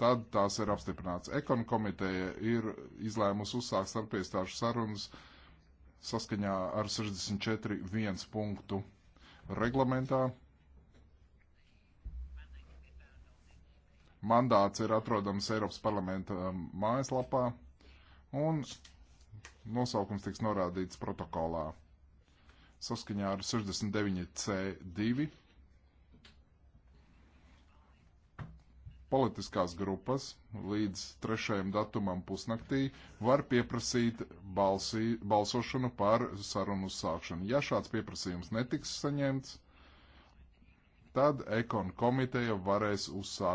tad tās ir apstiprināts. Ekon komiteja ir izlēmusi uzsākt starpiestāšu sarunas saskaņā ar 64.1 punktu reglamentā. Mandāts ir atrodams Eiropas parlamenta mājaslapā un nosaukums tiks norādīts protokolā. Saskaņā ar 69C2 politiskās grupas līdz trešajam datumam pusnaktī var pieprasīt balsī, balsošanu par sarunu sākšanu. Ja šāds pieprasījums netiks saņemts, tad ekon komiteja varēs uzsākt.